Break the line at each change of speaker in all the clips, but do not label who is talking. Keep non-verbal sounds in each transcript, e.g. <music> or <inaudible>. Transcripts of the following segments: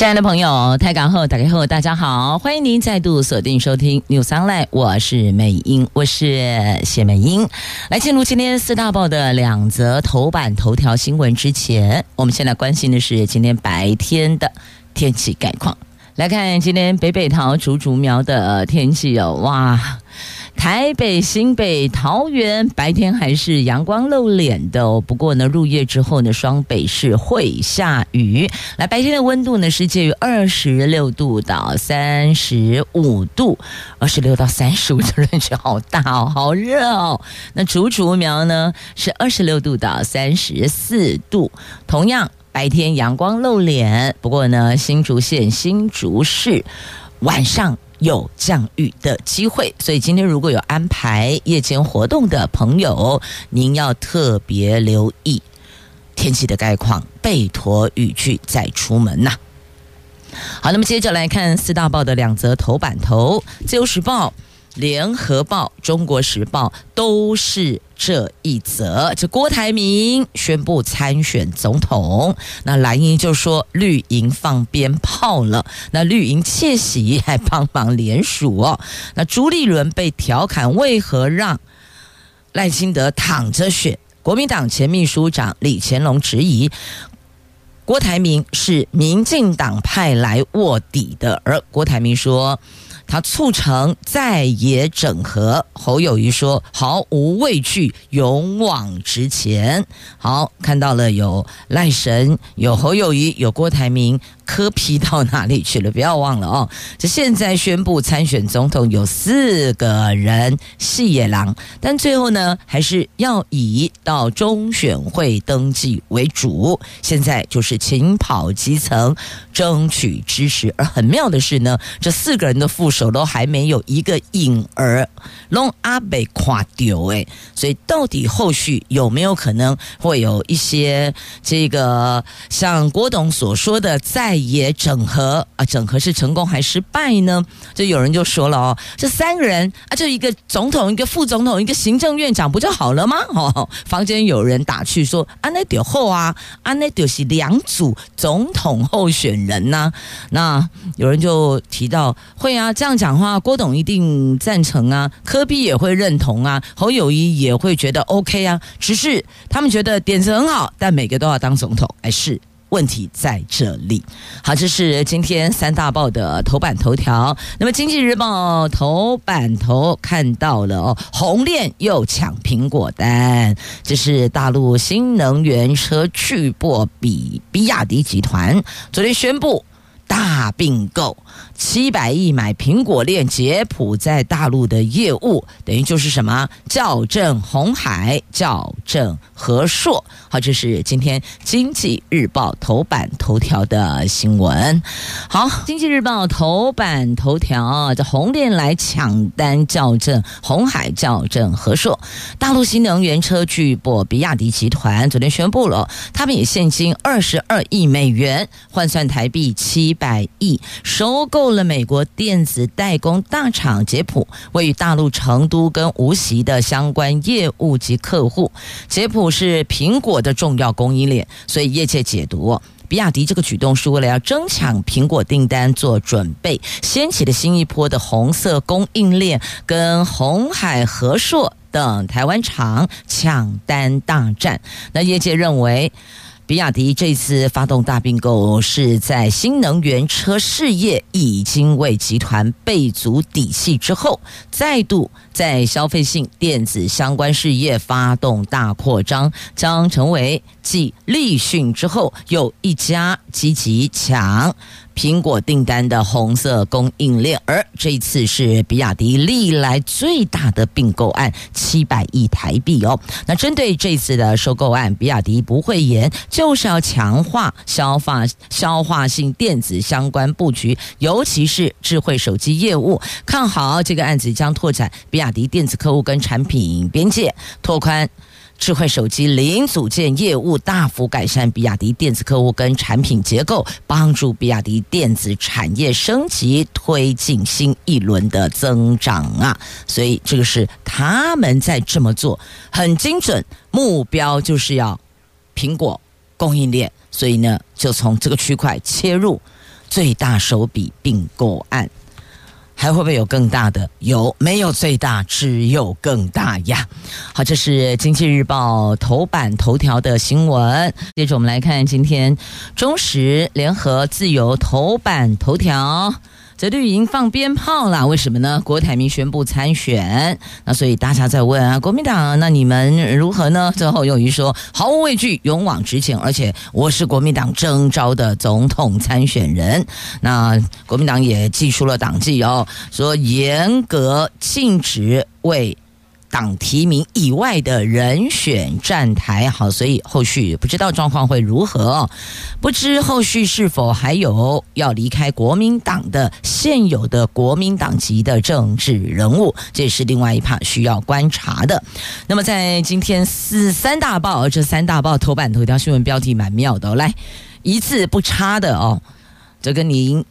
親愛的朋友，台港後打開後，大家好，歡迎您再度鎖定收聽《NEWS ONLINE》，我是美英，我是謝美英。來進入今天四大報的兩則頭版頭條新聞之前，我們現在關心的是今天白天的天氣概況。來看今天北北桃竹竹竹苗的天氣哦，哇！台北、新北、桃園白天還是陽光露臉的哦，不過呢，入夜之後呢，雙北是會下雨。來，白天的溫度呢是介於二十六度到三十五度，二十六到三十五的溫差好大哦，好熱哦。那竹竹苗呢是二十六度到三十四度，同樣白天陽光露臉，不過呢，新竹縣新竹市晚上有降雨的機會，所以今天如果有安排夜間活動的朋友，您要特別留意天氣的概況，備妥雨具再出門吶、啊。好，那麼接着來看四大報的兩則頭版頭，《自由時報》。聯合報、中國時報都是這一則。這郭台銘宣布參選總統，那藍營就說綠營放鞭炮了，那綠營竊喜還幫忙聯署。哦，那朱立倫被調侃為何讓賴清德躺着選？國民黨前秘書長李乾龍質疑郭台銘是民進黨派來臥底的，而郭台銘說。他促成在野整合，侯友宜說，毫無畏懼，勇往直前。好，看到了有賴神，有侯友宜，有郭台銘。磕皮到哪裡去了？不要忘了哦。這現在宣布參選總統有四個人是野狼，但最後呢還是要以到中選會登記為主。現在就是勤跑基層爭取支持。而很妙的是呢，這四個人的副手都還沒有一個影兒。龍阿北垮掉，誒。所以到底後續有沒有可能會有一些這個像郭董所說的在？也整合啊，整合是成功還失敗呢？就有人就說了哦，這三個人啊，就一個總統、一個副總統、一個行政院長，不就好了嗎？哦，房間有人打趣說，安、啊、內就好啊，安、啊、內就是兩組總統候選人吶、啊。那有人就提到，會啊，這樣講話，郭董一定贊成啊，柯 P 也會認同啊，侯友宜也會覺得 OK 啊，只是他們覺得點子很好，但每個都要當總統，哎，是。問題在這裡。好，這是今天三大報的頭版頭條。那麼，《經濟日報》頭版頭看到了哦，紅鏈又搶蘋果單。這是大陸新能源車巨擘，比比亞迪集團昨天宣布大併購。七百億買蘋果鏈捷普在大陸的業務，等於就是什麼？叫陣鴻海，叫陣和碩。好，這是今天《經濟日報》頭版頭條的新聞。好，《經濟日報》頭版頭條，這紅鏈來搶單，叫陣鴻海，叫陣和碩。大陸新能源車巨擘比亞迪集團昨天宣布了，他們以現金二十二億美元換算台幣七百億收購。了美國電子代工大廠捷普位於大陸成都跟無錫的相關業務及客戶，捷普是蘋果的重要供應鏈，所以業界解讀比亞迪這個舉動是為了要爭搶蘋果訂單做準備，掀起了新一波的紅色供應鏈跟紅海和碩等台灣廠搶單大戰。那業界認為。比亞迪這次發動大併購，是在新能源車事業已經為集團備足底氣之後。再度在消費性電子相關事業發動大擴張，將成為繼立訊之後又一家積極搶蘋果訂單的紅色供應鏈，而這一次是比亞迪歷來最大的併購案，七百億台幣哦。那針對這次的收購案，比亞迪不諱言，就是要強化消化消化性電子相關佈局，尤其是智慧手機業務，看好這個案子將。拓展比亞迪電子客戶跟產品邊界，拓寬智慧手機零組件業務，大幅改善比亞迪電子客戶跟產品結構，幫助比亞迪電子產業升級，推進新一輪的增長啊！所以這個是他們在這麼做，很精準，目標就是要蘋果供應鏈，所以呢，就從這個區塊切入，最大手筆併購案。還會不會有更大的？有沒有最大？只有更大呀！好，這是經濟日報頭版頭條的新聞。接着我們來看今天中時聯合自由頭版頭條。絕對已經放鞭炮了，為什麼呢？郭台銘宣布參選，那所以大家在問啊，國民黨那你們如何呢？最後侯友宜說毫無畏懼，勇往直前，而且我是國民黨徵召的總統參選人。那國民黨也祭出了黨紀哦，說嚴格禁止為。黨提名以外的人選站台，好，所以後續不知道狀況會如何哦，不知後續是否還有要離開國民黨的現有的國民黨籍的政治人物，這是另外一趴需要觀察的。那麼在今天四三大報，這三大報頭版頭條新聞標題蠻妙的，來一字不差的哦，就跟您。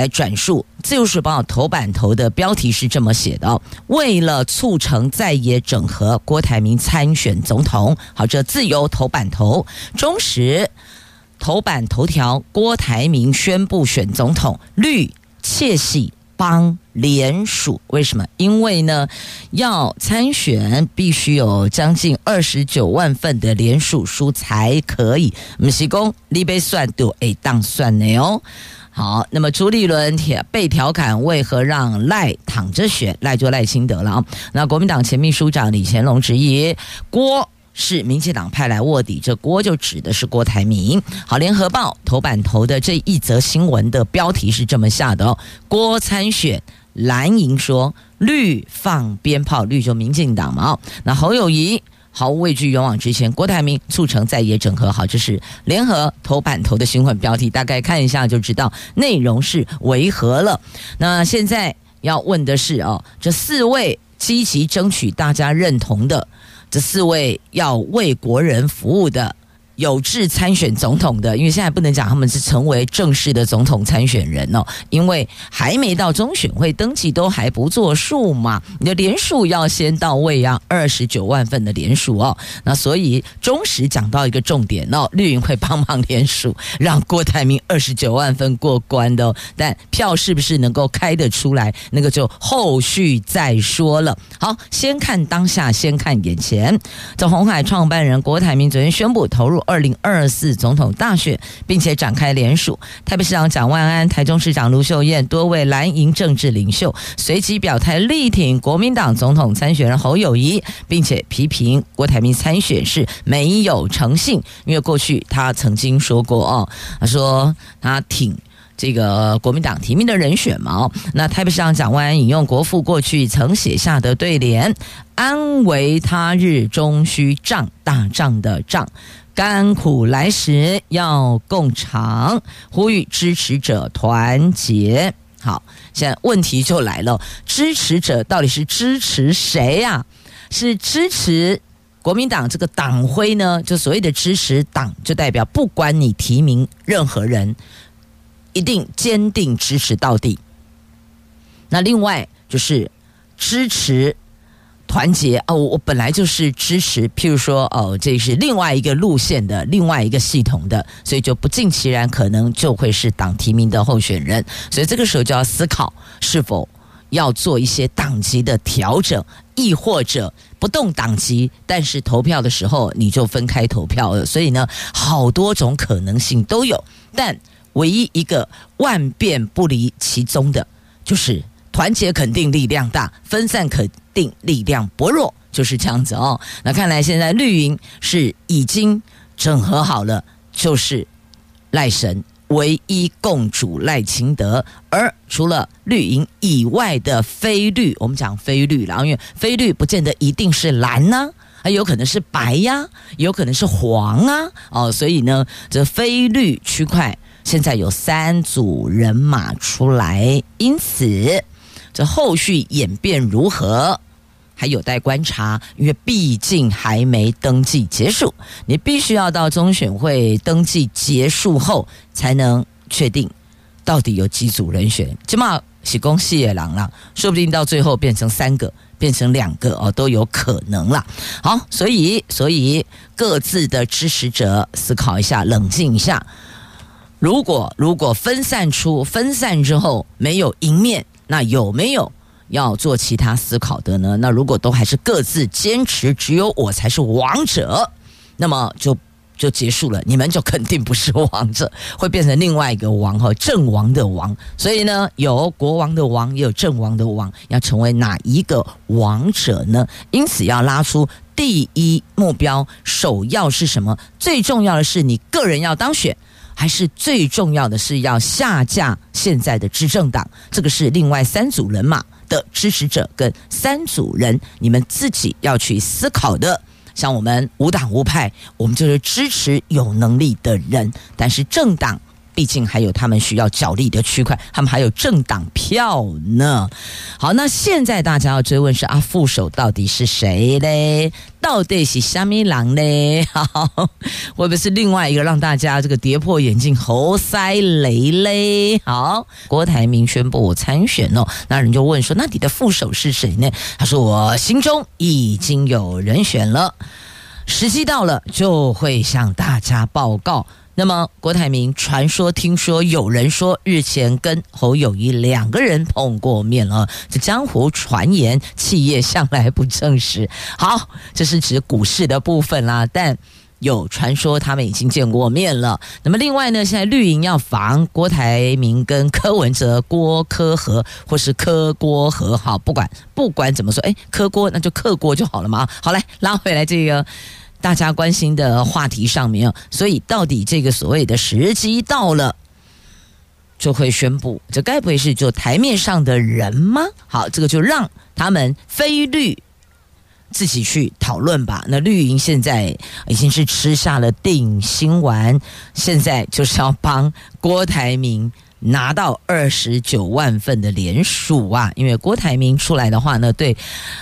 來轉述，《自由時報》頭版頭的標題是這麼寫的：“為了促成在野整合，郭台銘參選總統。”好，這自由頭版頭，中時頭版頭條：“郭台銘宣布選總統，綠竊喜幫聯署。”為什麼？因為呢，要參選必須有將近二十九萬份的聯署書才可以。不是講你俾算就會當算的哦。好，那麼朱立倫被調侃，為何讓賴躺着選賴就賴清德了啊？那國民黨前秘書長李乾龍質疑郭是民進黨派來臥底，這郭就指的是郭台銘。好，聯合報頭版頭的這一則新聞的標題是這麼下的哦，郭參選藍營說綠放鞭炮，綠就民進黨嘛。那侯友宜。毫無畏懼，勇往直前。郭台銘促成在野整合，好，這是聯合頭版頭的新聞標題，大概看一下就知道內容是為何了。那現在要問的是，哦，這四位積極爭取大家認同的，這四位要為國人服務的。有志參選總統的，因為現在不能講他們是成為正式的總統參選人哦，因為還沒到中選會登記，都還不作數嘛。你的聯署要先到位啊，二十九萬份的聯署哦。那所以中時講到一個重點哦，綠營會幫忙聯署，讓郭台銘二十九萬份過關的哦。但票是不是能夠開得出來，那個就後續再說了。好，先看當下，先看眼前。這鴻海創辦人郭台銘昨天宣布投入。二零二四總統大選，並且展開聯署。台北市長蔣萬安、台中市長盧秀燕多位藍營政治領袖隨即表態力挺國民黨總統參選人侯友宜，並且批評郭台銘參選是沒有誠信，因為過去他曾經說過哦，他說他挺這個國民黨提名的人選嘛。那台北市長蔣萬安引用國父過去曾寫下的對聯：“安危他日終須仗，大仗的仗。”甘苦來時要共嘗，呼籲支持者團結。好，現在問題就來了：支持者到底是支持誰呀，啊？是支持國民黨這個黨徽呢？就所謂的支持黨，就代表不管你提名任何人，一定堅定支持到底。那另外就是支持。團結哦，我我本來就是支持，譬如說哦，這是另外一個路線的、另外一個系統的，所以就不盡其然，可能就會是黨提名的候選人。所以這個時候就要思考，是否要做一些黨籍的調整，亦或者不動黨籍，但是投票的時候你就分開投票了。所以呢，好多種可能性都有，但唯一一個萬變不離其宗的，就是。團結肯定力量大，分散肯定力量薄弱，就是這樣子哦。那看來現在綠營是已經整合好了，就是賴神唯一共主賴清德。而除了綠營以外的非綠，我們講非綠，然後因為非綠不見得一定是藍呐、啊，還有可能是白呀、啊，有可能是黃啊，哦，所以呢，這非綠區塊現在有三組人馬出來，因此。後續演變如何，還有待觀察，因為畢竟還沒登記結束，你必須要到中選會登記結束後才能確定到底有幾組人選。起碼現在是四個人了，說不定到最後變成三個，變成兩個哦，都有可能了。好，所以所以各自的支持者思考一下，冷靜一下。如果如果分散出分散之後沒有贏面。那有沒有要做其他思考的呢？那如果都還是各自堅持，只有我才是王者，那麼就就結束了，你們就肯定不是王者，會變成另外一個王和陣亡的王。所以呢，有國王的王，也有陣亡的王，要成為哪一個王者呢？因此要拉出第一目標，首要是什麼？最重要的是你個人要當選。還是最重要的是要下架現在的執政黨，這個是另外三組人馬的支持者跟三組人，你們自己要去思考的。像我們無黨無派，我們就是支持有能力的人，但是政黨。畢竟還有他們需要角力的區塊，他們還有政黨票呢。好，那現在大家要追問是啊，副手到底是誰嘞？到底是蝦米郎嘞？好，會不會是另外一個讓大家這個跌破眼鏡、猴塞雷嘞？好，郭台銘宣布我參選哦。那人就問說：“那你的副手是誰呢？”他說：“我心中已經有人選了，時機到了就會向大家報告。”那麼，郭台銘傳說，聽說有人說，日前跟侯友宜兩個人碰過面了。這江湖傳言，企業向來不證實，好，這是指股市的部分啦。但有傳說他們已經見過面了。那麼，另外呢，現在綠營要防郭台銘跟柯文哲，郭柯和，或是柯郭和。好，不管不管怎麼說，哎、欸，柯郭那就柯郭就好了嘛。好來，來拉回來這個大家關心的話題上面哦，所以到底這個所謂的時機到了，就會宣布，這該不會是就台面上的人嗎？好，這個就讓他們非綠自己去討論吧。那綠營現在已經是吃下了定心丸，現在就是要幫郭台銘。拿到二十九萬份的聯署啊！因為郭台銘出來的話呢，對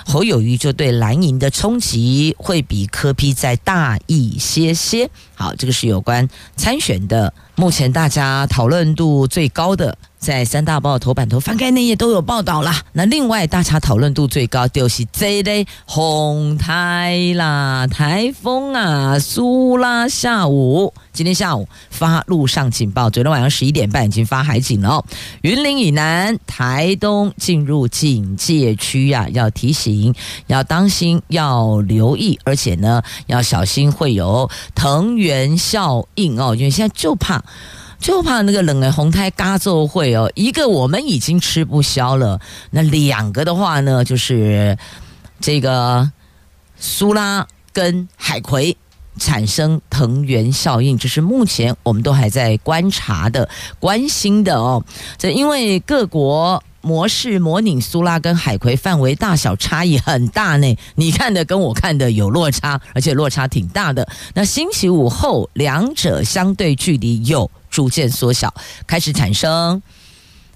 侯友宜就對藍營的衝擊會比柯 P 再大一些些。好，這個是有關參選的，目前大家討論度最高的。在三大報頭版頭，翻開內頁都有報道啦。那另外，大家討論度最高就是這一類紅台啦，颱風啊，蘇拉。下午，今天下午發陸上警報，昨天晚上十一點半已經發海警了。哦，雲林以南、台東進入警戒區呀，啊，要提醒，要當心，要留意，而且呢，要小心會有藤原效應哦，因為現在就怕。就怕那個冷的紅胎嘎奏會哦，一個我們已經吃不消了，那兩個的話呢，就是這個蘇拉跟海葵產生藤原效應，這是目前我們都還在觀察的、關心的哦。這因為各國模式模擬蘇拉跟海葵範圍大小差異很大呢，你看的跟我看的有落差，而且落差挺大的。那星期五後兩者相對距離有。逐漸縮小，開始產生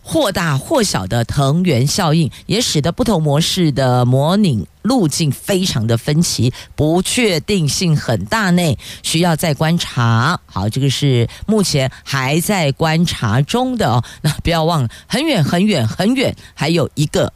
或大或小的藤原效應，也使得不同模式的模擬路徑非常的分歧，不確定性很大呢，需要再觀察。好，這個是目前還在觀察中的哦。那不要忘了，很遠很遠很遠，很遠，還有一個。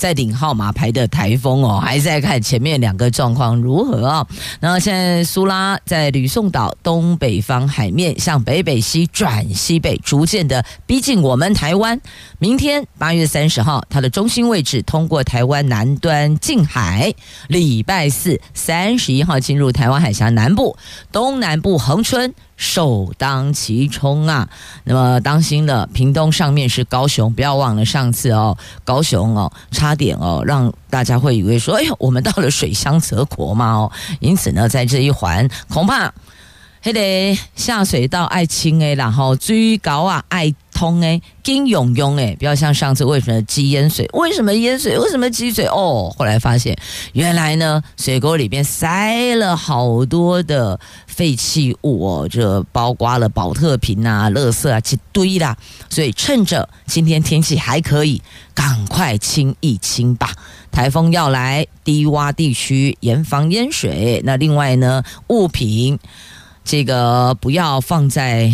在頂號碼牌的台風哦，還在看前面兩個狀況如何啊、哦？那現在蘇拉在呂宋島東北方海面向北北西轉西北，逐漸的逼近我們台灣。明天八月三十號，它的中心位置通過台灣南端近海，禮拜四三十一號進入台灣海峽南部、東南部恆春，首當其衝啊！那麼當心了，屏東上面是高雄，不要忘了上次哦，高雄哦，差點哦，讓大家會以為說，哎呦，我們到了水鄉澤國嘛哦，因此呢，在這一環，恐怕還得下水道愛清誒，然後最高啊，愛。通哎，金湧湧哎，不要像上次為什麼積淹水？為什麼淹水？為什麼積水？哦，後來發現原來呢，水溝裡邊塞了好多的廢棄物，就包括了寶特瓶啊、垃圾啊，一堆啦。所以趁着今天天氣還可以，趕快清一清吧。台風要來，低窪地區嚴防淹水。那另外呢，物品這個不要放在。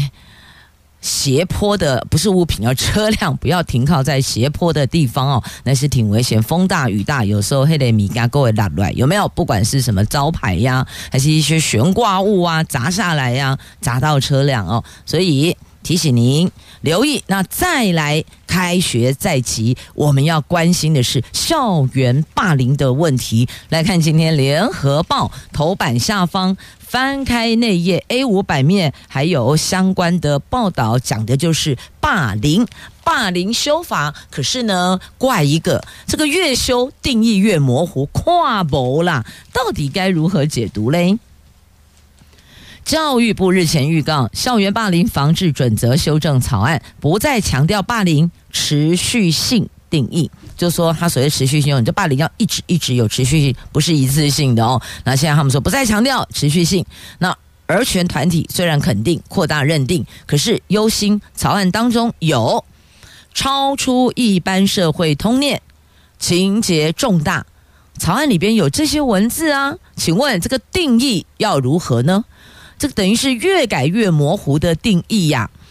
斜坡的不是物品，哦，要車輛不要停靠在斜坡的地方哦，那是挺危險。風大雨大，有時候黑個米家溝會落雨，有沒有？不管是什麼招牌呀，啊，還是一些懸掛物啊，砸下來呀，啊，砸到車輛哦，所以。提醒您留意，那再來，開學在即，我們要關心的是校園霸凌的問題。來看今天《聯合報》頭版下方，翻開那頁 A 五版面，還有相關的報道，講的就是霸凌，霸凌修法。可是呢，怪一個，這個越修定義越模糊，跨步啦，到底該如何解讀嘞？教育部日前預告，《校園霸凌防治準則修正草案》不再強調霸凌持續性定義，就說它所謂持續性，你就霸凌要一直一直有持續性，不是一次性的哦。那現在他們說不再強調持續性，那兒權團體雖然肯定擴大認定，可是憂心草案當中有超出一般社會通念、情節重大，草案裡邊有這些文字啊，請問這個定義要如何呢？這個等於是越改越模糊的定義呀、啊。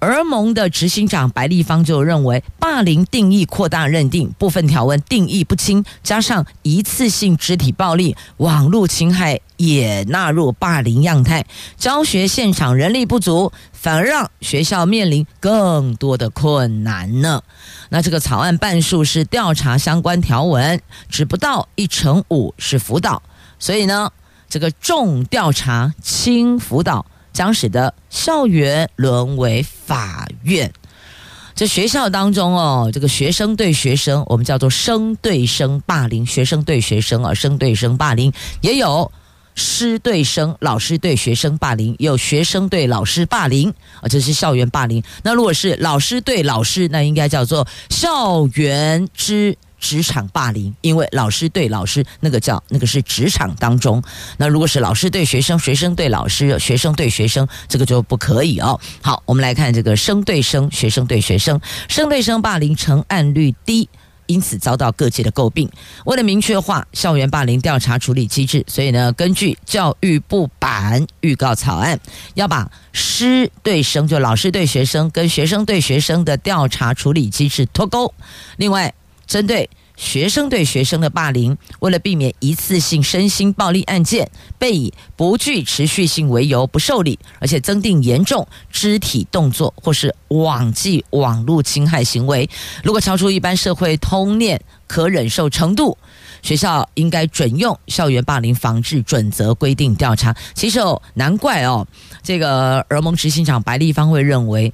兒盟的執行長白麗芳就認為，霸凌定義擴大認定部分條文定義不清，加上一次性肢體暴力、網絡侵害也納入霸凌樣態，教學現場人力不足，反而讓學校面臨更多的困難呢。那這個草案半數是調查相關條文，只不到一成五是輔導，所以呢。這個重調查輕輔導，將使得校園淪為法院。在學校當中哦，這個學生對學生，我們叫做生對生霸凌；學生對學生、啊，而生對生霸凌也有師對生，老師對學生霸凌也有學生對老師霸凌啊、哦，這是校園霸凌。那如果是老師對老師，那應該叫做校園之。職場霸凌，因為老師對老師那個叫那個是職場當中。那如果是老師對學生、學生對老師、學生對學生，這個就不可以哦。好，我們來看這個生對生、學生對學生、生對生霸凌成案率低，因此遭到各界的詬病。為了明確化校園霸凌調查處理機制，所以呢，根據教育部版預告草案，要把師對生，就老師對學生跟學生對學生的調查處理機制脫鈎。另外。針對學生對學生的霸凌，為了避免一次性身心暴力案件被以不具持續性為由不受理，而且增訂嚴重肢體動作或是網際網絡侵害行為，如果超出一般社會通念可忍受程度，學校應該準用校園霸凌防治準則規定調查。其實哦，難怪哦，這個兒盟執行長白麗芳會認為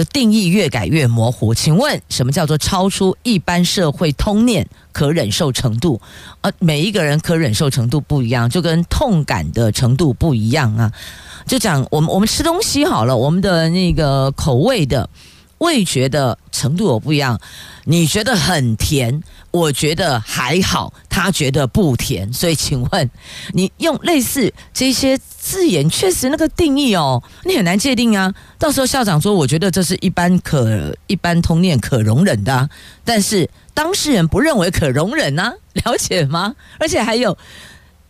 的定義越改越模糊，請問什麼叫做超出一般社會通念可忍受程度？呃、啊，每一個人可忍受程度不一樣，就跟痛感的程度不一樣啊。就講我們我們吃東西好了，我們的那個口味的味覺的程度也不一樣，你覺得很甜。我覺得還好，他覺得不甜，所以請問你用類似這些字眼，確實那個定義哦，你很難界定啊。到時候校長說，我覺得這是一般可一般通念可容忍的啊，但是當事人不認為可容忍啊，了解嗎？而且還有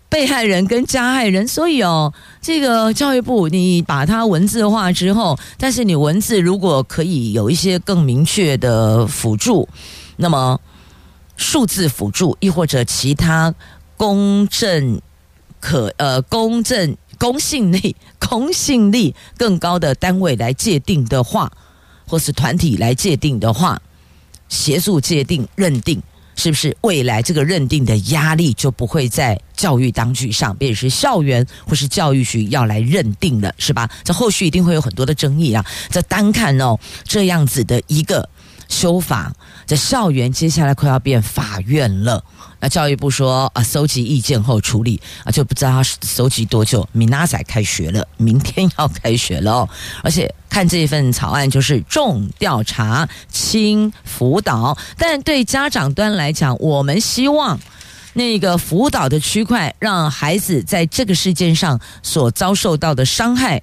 被害人跟加害人，所以哦，這個教育部你把它文字化之後，但是你文字如果可以有一些更明確的輔助，那麼。數字輔助，亦或者其他公正可、可呃公正、公信力、公信力更高的單位來界定的話，或是團體來界定的話，協助界定認定，是不是未來這個認定的壓力就不會在教育當局上，便是校園或是教育局要來認定了，是吧？這後續一定會有很多的爭議啊！這單看哦，這樣子的一個。修法，這校園接下來快要變法院了。那教育部說啊，收集意見後處理啊，就不知道他收集多久。米娜仔開學了，明天要開學了，而且看這份草案就是重調查輕輔導。但對家長端來講，我們希望那個輔導的區塊，讓孩子在這個事件上所遭受到的傷害，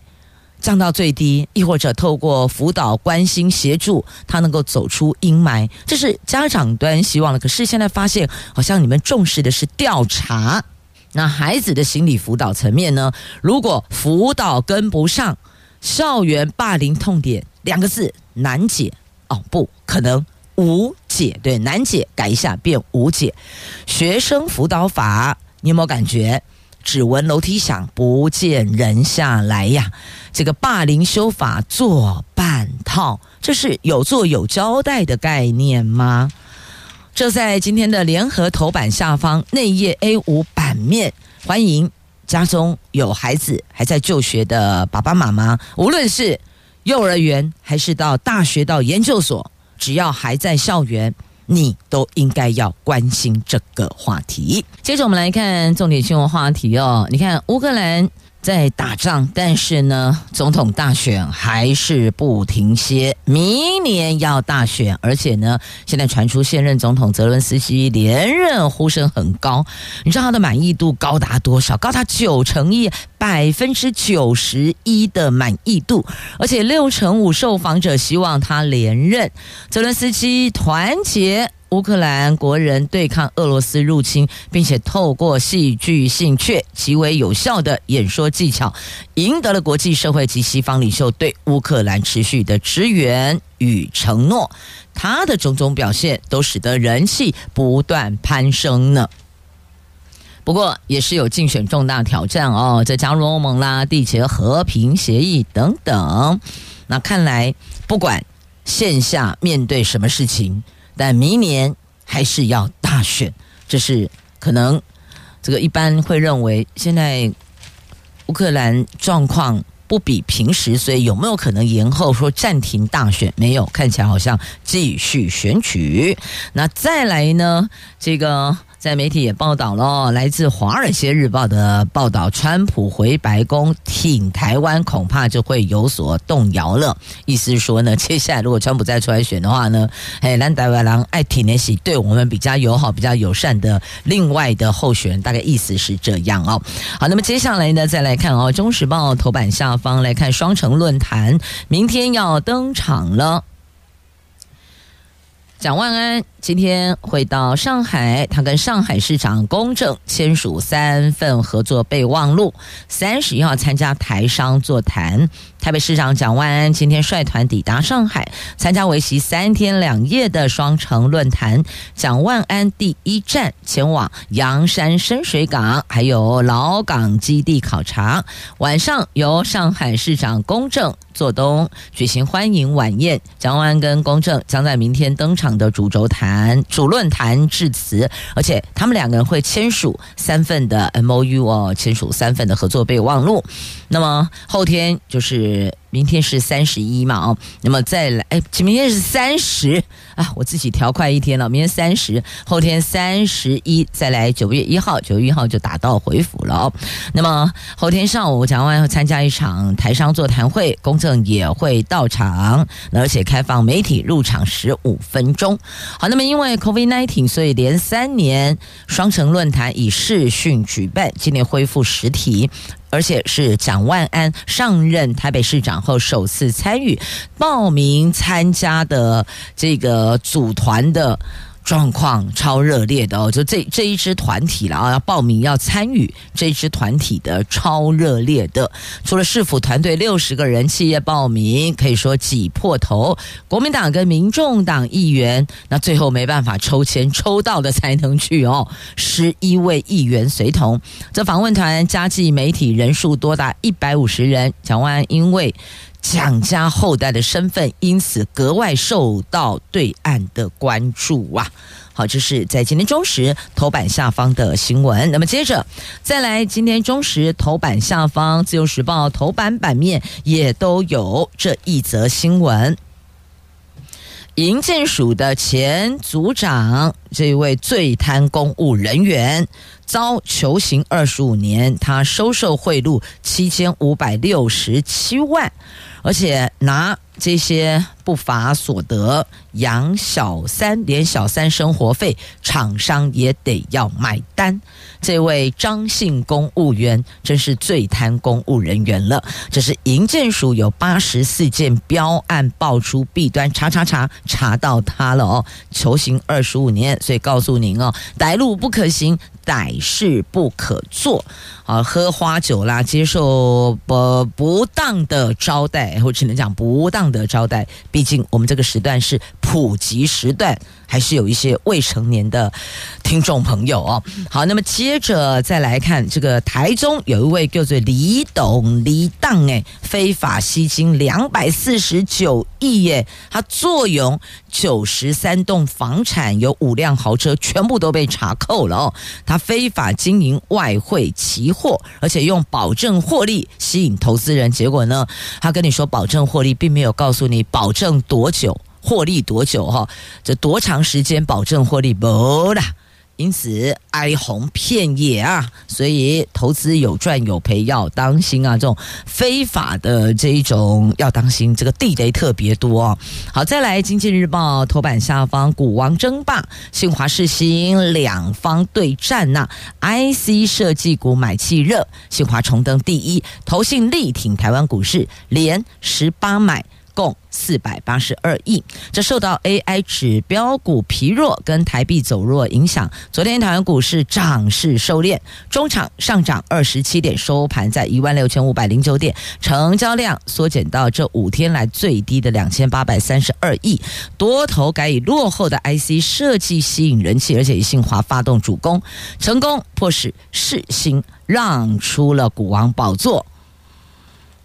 降到最低，亦或者透過輔導、關心、協助，他能夠走出陰霾，這是家長端希望的。可是現在發現，好像你們重視的是調查，那孩子的心理輔導層面呢？如果輔導跟不上，校園霸凌痛點兩個字難解哦，不可能無解，對難解改一下變無解。學生輔導法，你有沒有感覺？只聞樓梯響，不見人下來呀！這個霸凌修法做半套，這是有做有交代的概念嗎？這在今天的聯合頭版下方內頁 A 五版面，歡迎家中有孩子還在就學的爸爸媽媽，無論是幼兒園還是到大學到研究所，只要還在校園。你都應該要關心這個話題。接着，我們來看重點新聞話題哦。你看，烏克蘭。在打仗，但是呢，總統大選還是不停歇。明年要大選，而且呢，現在傳出現任總統澤倫斯基連任呼聲很高。你知道他的滿意度高達多少？高達九成一，百分之九十一的滿意度，而且六成五受訪者希望他連任。澤倫斯基團結。烏克蘭國人對抗俄羅斯入侵，並且透過戲劇性卻極為有效的演說技巧，贏得了國際社會及西方領袖對烏克蘭持續的支援與承諾。他的種種表現都使得人氣不斷攀升呢。不過，也是有競選重大挑戰哦，再加入歐盟啦、締結和平協議等等。那看來，不管線下面對什麼事情。但明年還是要大選，這、就是可能。這個一般會認為現在烏克蘭狀況不比平時，所以有沒有可能延後說暫停大選？沒有，看起來好像繼續選舉。那再來呢？這個。在媒體也報道了，來自《華爾街日報》的報道，川普回白宮挺台灣，恐怕就會有所動搖了。意思是說呢，接下來如果川普再出來選的話呢，嘿，咱台灣郎愛聽的是對我們比較友好、比較友善的另外的候選人，大概意思是這樣哦。好，那麼接下來呢，再來看哦，《中時報》頭版下方來看《雙城論壇》，明天要登場了，蔣萬安。今天會到上海，他跟上海市長龔正簽署三份合作備忘錄。三十一號參加台商座談，台北市長蔣萬安今天率團抵達上海，參加為期三天兩夜的雙城論壇。蔣萬安第一站前往洋山深水港，還有老港基地考察。晚上由上海市長龔正做東舉行歡迎晚宴。蔣萬安跟龔正將在明天登場的主軸談。主論壇致辭，而且他們兩個人會簽署三份的 MOU 哦，簽署三份的合作備忘錄。那麼後天就是。明天是三十一嘛？哦，那麼再來，哎，明天是三十啊！我自己調快一天了。明天三十，後天三十一，再來九月一號，九月一號就打道回府了哦。那麼後天上午講完，參加一場台商座談會，龔正也會到場。而且開放媒體入場十五分鐘。好，那麼因為 COVID nineteen，所以連三年雙城論壇以視訊舉辦，今年恢復實體。而且是蔣萬安上任台北市長後首次參與報名參加的這個組團的。狀況超熱烈的哦，就這這一支團體了啊！要報名要參與這支團體的超熱烈的，除了市府團隊六十個人企業報名，可以說擠破頭。國民黨跟民眾黨議員，那最後沒辦法抽籤抽到的才能去哦，十一位議員隨同這訪問團加計媒體人數多達一百五十人。蔣萬安因為，蔣家後代的身份，因此格外受到對岸的關注啊！好，這是在今天中時頭版下方的新聞。那麼接着再來，今天中時頭版下方，《自由時報》頭版版面也都有這一則新聞。營建署的前組長，這位最貪公務人員，遭求刑二十五年，他收受賄賂七千五百六十七萬。而且拿這些不法所得養小三，連小三生活費，廠商也得要買單。這位張姓公務員真是最貪公務人員了。這是營建署有八十四件標案爆出弊端，查查查查到他了哦，求刑二十五年。所以告訴您哦，歹路不可行。歹事不可做，啊，喝花酒啦，接受不不當的招待，我只能講不當的招待。畢竟我們這個時段是普及時段。還是有一些未成年的聽眾朋友哦。好，那麼接着再來看這個台中有一位叫做李董李蕩誒，非法吸金兩百四十九億，誒，他坐擁九十三棟房產，有五輛豪車，全部都被查扣了哦。他非法經營外匯期貨，而且用保證獲利吸引投資人，結果呢，他跟你說保證獲利，並沒有告訴你保證多久。獲利多久哈、哦？這多長時間保證獲利？不了，因此哀鴻遍野啊！所以投資有賺有賠，要當心啊！這種非法的這一種要當心，這個地雷特別多、哦。好，再來《經濟日報》頭版下方，股王爭霸，信驊、世芯兩方對戰吶、啊。IC 設計股買氣熱，信驊重登第一，投信力挺台灣股市，連十八買。共四百八十二億，這受到 AI 指標股疲弱跟台幣走弱影響。昨天台灣股市漲勢收斂，中場上漲二十七點，收盤在一萬六千五百零九點，成交量縮減到這五天來最低的兩千八百三十二億。多頭改以落後的 IC 設計吸引人氣，而且以信驊發動主攻，成功迫使世芯讓出了股王寶座。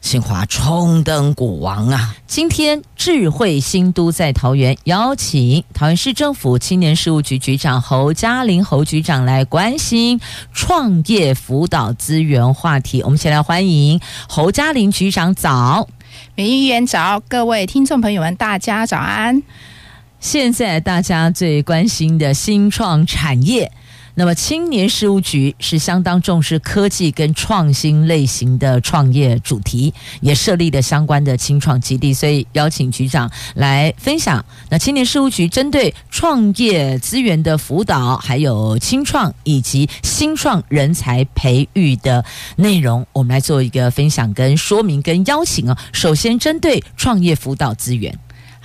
新華衝登股王啊！今天智慧新都在桃園，邀請桃園市政府青年事務局局長侯嘉玲侯局長來關心創業輔導資源話題。我們先來歡迎侯嘉玲局長早，民意員早，各位聽眾朋友們，大家早安。現在大家最關心的新創產業。那麼青年事務局是相當重視科技跟創新類型的創業主題，也設立了相關的青創基地，所以邀請局長來分享。那青年事務局針對創業資源的輔導，還有青創以及新創人才培育的內容，我們來做一個分享跟說明跟邀請啊、哦。首先針對創業輔導資源。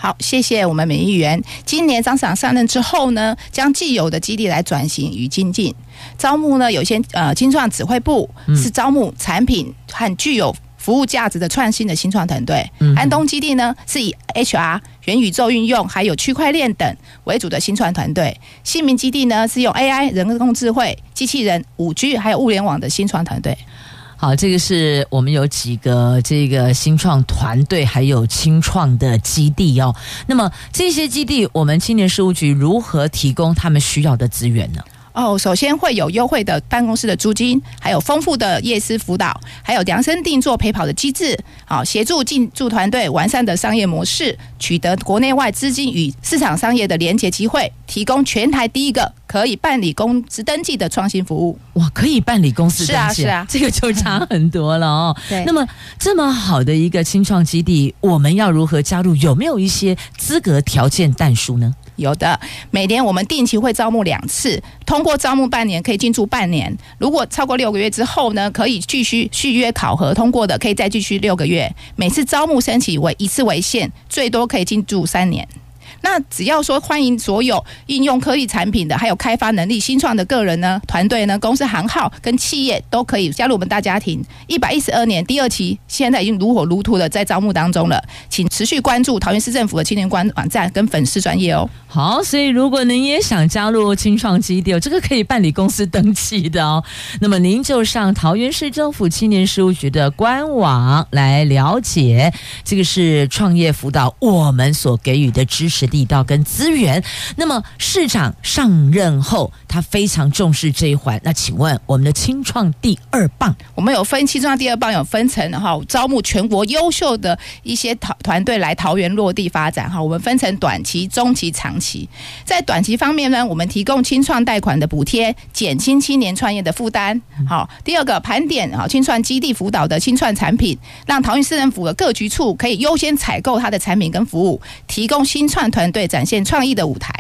好，謝謝我們美一員。今年張市長上任之後呢，將既有的基地來轉型與精進，招募呢有些呃新創指揮部是招募產品很具有服務價值的創新的新創團隊。嗯、哼安東基地呢是以 H R 元宇宙運用還有區塊鏈等為主的新創團隊。新民基地呢是用 A I 人工智能智慧機器人五 G 還有物聯網的新創團隊。
好，這個是我們有幾個這個新創團隊，還有青創的基地哦。那麼這些基地，我們青年事務局如何提供他們需要的資源呢？
哦，首先會有優惠的辦公室的租金，還有豐富的業師輔導，還有量身定做陪跑的機制，好、哦、協助進駐團隊完善的商業模式，取得國內外資金與市場商業的連接機會，提供全台第一個可以辦理公司登記的創新服務。哇，可以辦理公司登記？是啊
是啊，是啊，這個就差很多了哦。 <laughs> 對，那麼這麼好的一個青創基地，我們要如何加入？有沒有一些資格條件但書呢？有的，每年我們定期會招募兩
次，通過招募半年可以進駐半年，如果超過六個月之後呢，可以繼續續約，考核通過的，可以再繼續六個月，每次招募申請為一次為限，最多可以進駐三年。那只要說歡迎所有應用科技產品的，還有開發能力、新創的個人呢、團隊呢、公司行號跟企業都可以加入我們大家庭。一百一十二年第二期現在已經如火如荼的在招募當中了，請持續關注桃園市政府的青年官網站跟粉絲專業哦。
好，所以如果您也想加入青創基地，這個可以辦理公司登記的哦。那麼您就上桃園市政府青年事務局的官網來了解，這個是創業輔導我們所給予的支持。地道跟資源，那麼市長上任後，他非常重視這一環。那請問我們的青創第二棒，我們有分
青創第二棒，有分成哈，招募全國優秀的一些團團隊來桃園落地發展哈。我們分成短期、中期、長期。在短期方面呢，我們提供青創貸款的補貼，減輕青年創業的負擔。好、嗯，第二個盤點哈，青創基地輔導的青創產品，讓桃園市政府的各局處可以優先採購它的產品跟服務，提供青創團。團隊展現創意的舞台，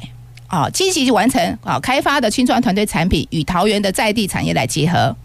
啊，積極完成啊，開發的青創團隊產品與桃園的在地產業來結合，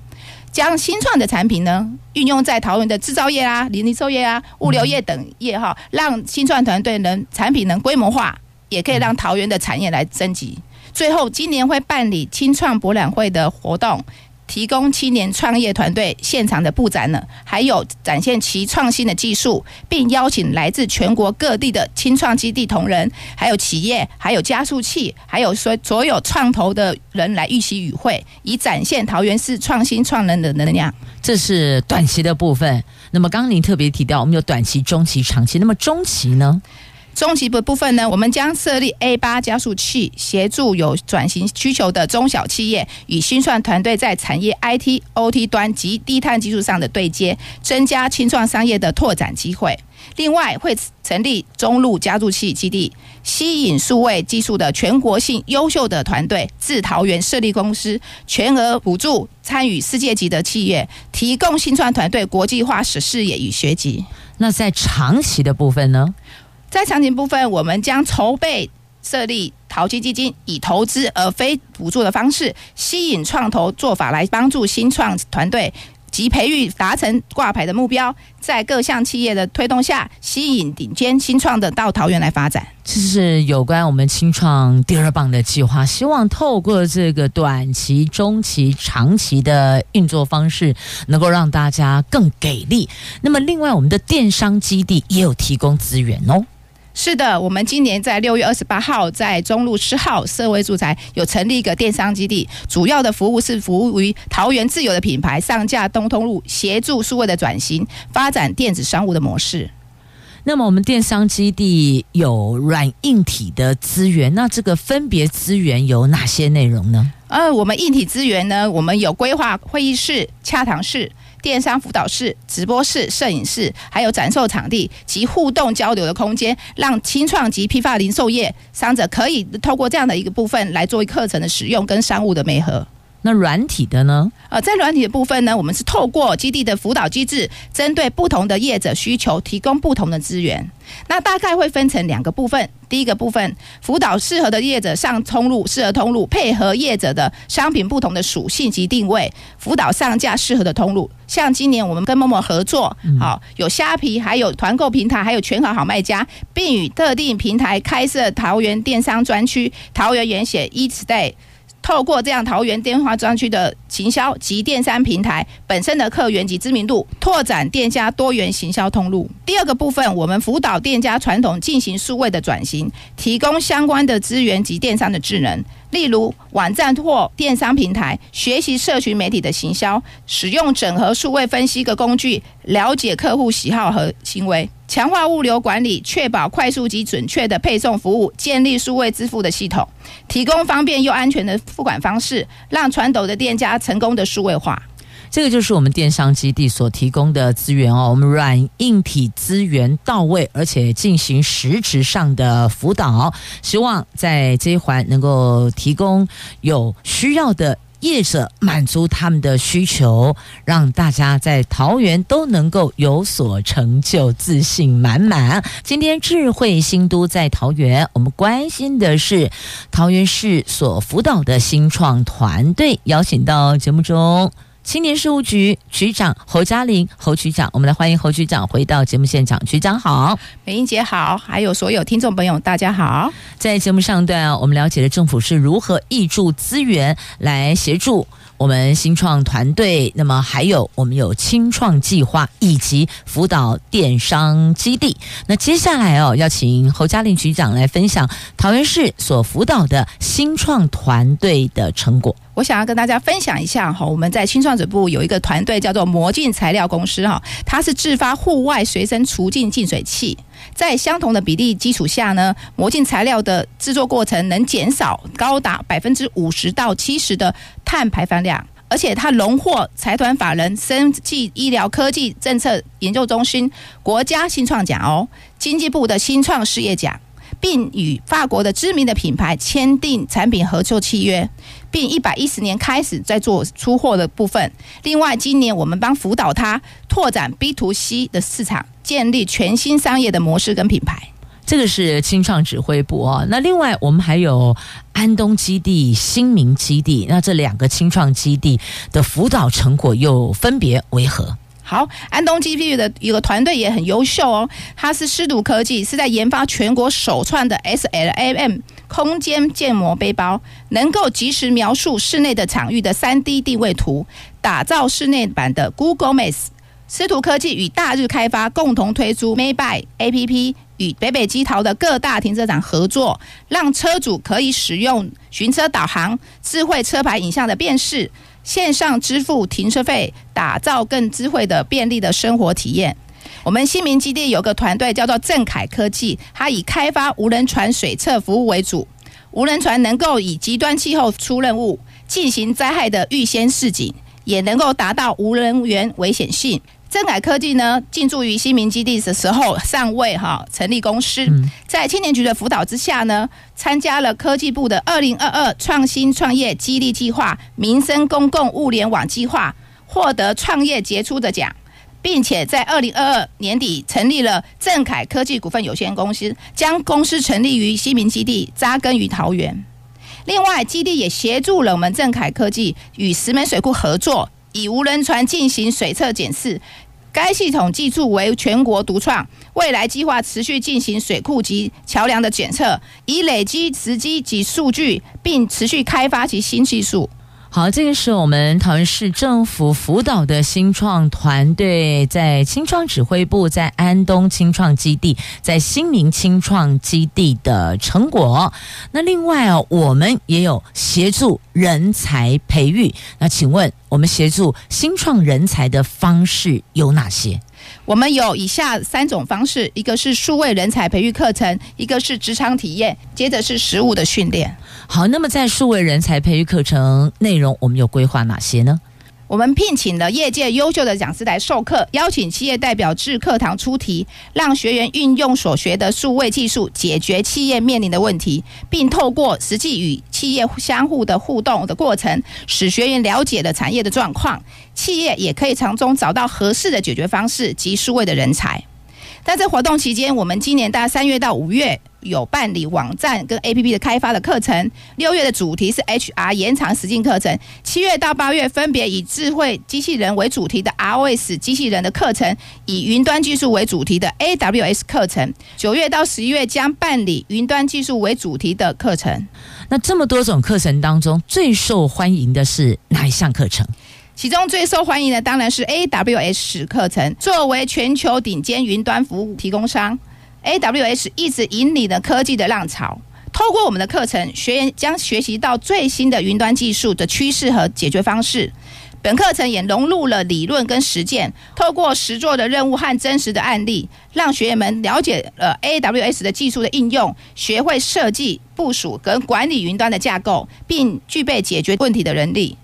將青創的產品呢，運用在桃園的製造業啊、零售業啊、物流業等業哈，讓青創團隊能產品能規模化，也可以讓桃園的產業來升級。最後，今年會辦理青創博覽會的活動。提供青年創業團隊現場的佈展呢，還有展現其創新的技術，並邀請來自全國各地的青創基地同仁、還有企業、還有加速器、還有所有創投的人來一起與會，以展現桃園市創新創能的能量。
這是短期的部分。對那麼，剛剛您特別提到，我們有短期、中期、長期。那麼，中期呢？
中期的部分呢，我們將設立 A8 加速器，協助有轉型需求的中小企業與新創團隊在產業 IT、OT 端及低碳技術上的對接，增加青創商業的拓展機會。另外，會成立中路加速器基地，吸引數位技術的全國性優秀的團隊至桃園設立公司，全額補助參與世界級的企業，提供新創團隊國際化視視野與學習。那在長期的部分呢？在場景部分，我們將籌備設立淘金基金，以投資而非補助的方式，吸引創投做法來幫助新創團隊及培育達成掛牌的目標。在各項企業的推動下，吸引頂尖新創的
到桃園來發展。這是有關我們青創第二棒的計劃，希望透過這個短期、中期、長期的運作方式，能夠讓大家更給力。那麼，另外我們的電商基地也有提供資源哦。
是的，我們今年在六月二十八號在中路十號社會住宅有成立一個電商基地，主要的服務是服務於桃園自有的品牌上架東通路，協助數位的轉型，發展電子商務的模式。
那麼我們電商基地有軟硬體的資源，那這個分別資源有哪些內容呢？
呃，我們硬體資源呢，我們有規劃會議室、洽談室。電商輔導室、直播室、攝影室，還有展售場地及互動交流的空間，讓青創及批發零售業商者可以透過這樣的一個部分來作為課程的使用跟商務的媒合。
那軟體的呢？
呃，在軟體的部分呢，我們是透過基地的輔導機制，針對不同的業者需求，提供不同的資源。那大概會分成兩個部分。第一個部分，輔導適合的業者上通路，適合通路配合業者的商品不同的屬性及定位，輔導上架適合的通路。像今年我們跟 momo 合作，好、嗯哦、有蝦皮，還有團購平台，還有全好好賣家，並與特定平台開設桃園電商專區，桃園元寫 E-Stay 透過這樣桃園電話專區的行銷及電商平台本身的客源及知名度，拓展店家多元行銷通路。第二個部分，我們輔導店家傳統進行數位的轉型，提供相關的資源及電商的智能。例如，網站或電商平台學習社群媒體的行銷，使用整合數位分析的工具了解客戶喜好和行為，強化物流管理，確保快速及準確的配送服務，建立數位支付的系統，提供方便又安全的付款方式，讓傳統的店家成功的數位化。
這個就是我們電商基地所提供的資源哦，我們軟硬體資源到位，而且進行實質上的輔導，希望在這一環能夠提供有需要的業者，滿足他們的需求，讓大家在桃園都能夠有所成就，自信滿滿。今天智慧新都在桃園，我們關心的是桃園市所輔導的新創團隊，邀請到節目中。青年事務局局長侯嘉玲，侯局長，我們來歡迎侯局長回到節目現場。局長好，美英姐好，還有所有聽眾朋友，大家好。在節目上段，啊我們了解了政府是如何挹注資源來協助。我們新創團隊，那麼還有我們有青創計劃，以及輔導電商基地。那接下來哦，要請侯佳齡局長來分享桃園市所輔導的新創團隊的成果。
我想要跟大家分享一下哈，我們在青創指部有一個團隊叫做魔鏡材料公司哈，它是自發戶外隨身除菌淨水器。在相同的比例基礎下呢，魔鏡材料的製作過程能減少高達百分之五十到七十的碳排放量，而且它榮獲財團法人生技醫療科技政策研究中心國家新創獎哦，經濟部的新創事業獎，並與法國的知名的品牌簽訂產品合作契約。並一百一十年開始在做出貨的部分。另外，今年我們幫輔導他拓展 B to C 的市場，建立全新商業的模式跟品牌。
這個是青創指揮部哦。那另外，我們還有安東基地、新民基地。那這兩個青創基地的輔導成果又分別為何？
好，安東 G P 的一個團隊也很優秀哦，它是司圖科技，是在研發全國首創的 SLAM 空間建模背包，能夠及時描述室內的場域的三 D 定位圖，打造室內版的 Google Maps。司圖科技與大日開發共同推出 Maybuy A P P，與北北基桃的各大停車場合作，讓車主可以使用尋車導航、智慧車牌影像的辨識。線上支付停車費，打造更智慧的便利的生活體驗。我們新民基地有個團隊叫做正凱科技，它以開發無人船水測服務為主。無人船能夠以極端氣候出任務，進行災害的預先示警，也能夠達到無人員危險性。正凱科技呢，進駐於新民基地的時候尚未哈成立公司，在青年局的輔導之下呢，參加了科技部的二零二二創新創業激勵計劃、民生公共物聯網計劃，獲得創業傑出的獎，並且在二零二二年底成立了正凱科技股份有限公司，將公司成立於新民基地，紮根於桃園。另外基地也協助了我們正凱科技與石門水庫合作。以無人船進行水測檢視，該系統技術為全國獨創。未來計劃持續進行水庫及橋樑的檢測，以累積時機及數據，並持續開發其新
技術。好，這個是我們桃園市政府輔導的新創團隊，在青創指揮部，在安東青創基地，在新民青創基地的成果。那另外啊，我們也有協助人才培育。那請問，我們協助新創人才的方式有哪些？
我們有以下三種方式：一個是數位人才培育課程，一個是職場體驗，接着是實務的訓練。
好，那麼在數位人才培育課程內容，我們有規劃哪些呢？
我們聘請了業界優秀的講師來授課，邀請企業代表至課堂出題，讓學員運用所學的數位技術解決企業面臨的問題，並透過實際與企業相互的互動的過程，使學員了解了產業的狀況。企業也可以從中找到合適的解決方式及數位的人才。在這活動期間，我們今年大概三月到五月有辦理網站跟 A P P 的開發的課程，六月的主題是 H R 延長實境課程，七月到八月分別以智慧機器人為主題的 R O S 機器人的課程，以雲端技術為主題的 A W S 課程，九月到十一月將辦理雲端技術為主題的課程。那這麼多種課程當中，最受
歡迎的是哪一項課程？
其中最受歡迎的當然是 AWS 課程。作為全球頂尖雲端服務提供商，AWS 一直引領了科技的浪潮。透過我們的課程，學員將學習到最新的雲端技術的趨勢和解決方式。本課程也融入了理論跟實踐，透過實作的任務和真實的案例，讓學員們了解了 AWS 的技術的應用，學會設計、部署跟管理雲端的架構，並具備解決問題的能力。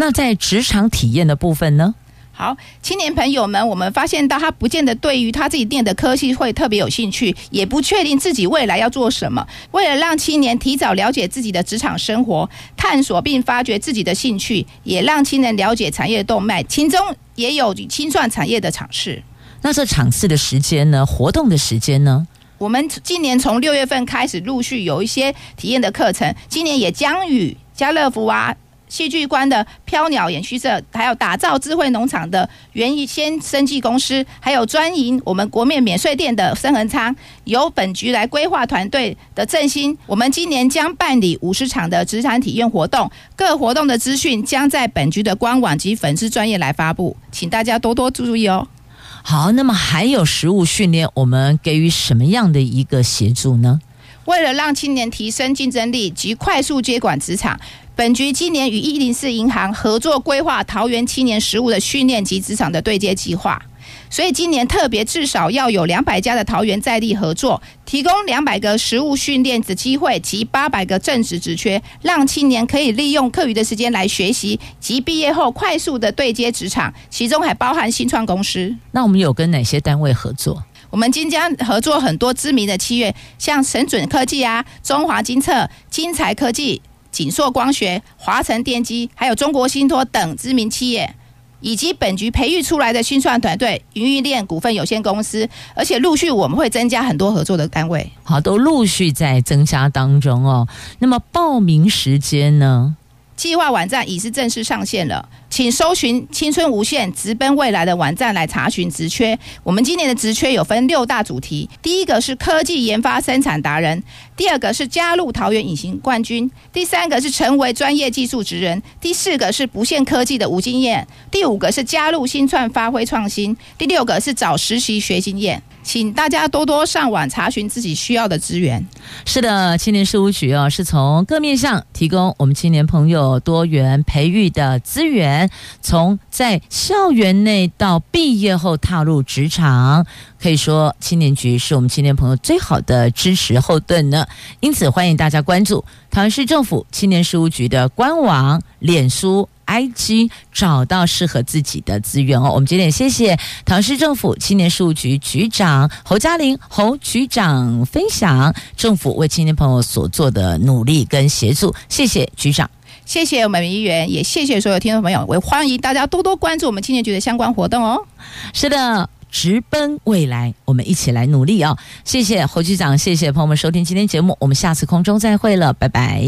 那在職場
體驗的部分呢？好，青年朋友們，我們發現到他不見得對於他自己店的科技會特別有興趣，也不確定自己未來要做什麼。為了讓青年提早了解自己的職場生活，探索並發掘自己的興趣，也讓青年了解產業動脈，其中也有青創產
業的場次。那這場次的時間呢？活動的時間呢？
我們今年從六月份開始陸續有一些體驗的課程，今年也將與家樂福啊。戲劇館的飄鳥演劇社，還有打造智慧農場的原一先生技公司，還有專營我們國面免稅店的昇恆昌，由本局來規劃團隊的振興。我們今年將辦理五十場的職場體驗活動，各活動的資訊將在本局的官網及粉絲專頁來發布，請大家多多注意
哦。好，那麼還有實務訓練，我們給予什麼樣的一個協助呢？
為了讓青年提升競爭力及快速接管職場。本局今年與一零四銀行合作規劃桃園青年實務的訓練及職場的對接計劃，所以今年特別至少要有兩百家的桃園在地合作，提供兩百個實務訓練的機會及八百個正職職缺，讓青年可以利用課餘的時間來學習及畢業後快速的對接職場，其中還包含新創公司。那我們有跟哪些單位合作？我們今將合作很多知名的企業，像神準科技啊、中華精測、金財科技。景碩光學、華城電機，還有中國信託等知名企業，以及本局培育出來的新創團隊雲域鏈股份有限公司，而且陸續我們會增加很多合作的單位。好，都
陸續在增加當中哦。那麼報名時間呢？
計劃網站已是正式上線了，請搜尋“青春無限直奔未來”的網站來查詢職缺。我們今年的職缺有分六大主題：第一個是科技研發生產達人；第二個是加入桃園隱形冠軍；第三個是成為專業技術職人；第四個是不限科技的無經驗；第五個是加入新創發揮創新；第六個是找實習學經驗。請大家多多上網查詢自己需要的資
源。是的，青年事務局啊、哦，是從各面上提供我們青年朋友多元培育的資源。從在校園內到畢業後踏入職場，可以說青年局是我們青年朋友最好的支持後盾呢。因此，歡迎大家關注桃園市政府青年事務局的官網、臉書、IG，找到適合自己的資源哦。我們今天也謝謝桃園市政府青年事務局局長侯嘉玲侯局長分享政府為青年朋友所做的努力跟協助，謝謝局長。謝謝
我們的議員，也謝謝所有聽眾朋友。我歡迎大家多多關注我們青年局的相關活動哦。
是的，直奔未來，我們一起來努力啊、哦！謝謝侯局長，謝謝朋友們收聽今天節目，我們下次空中再會了，拜拜。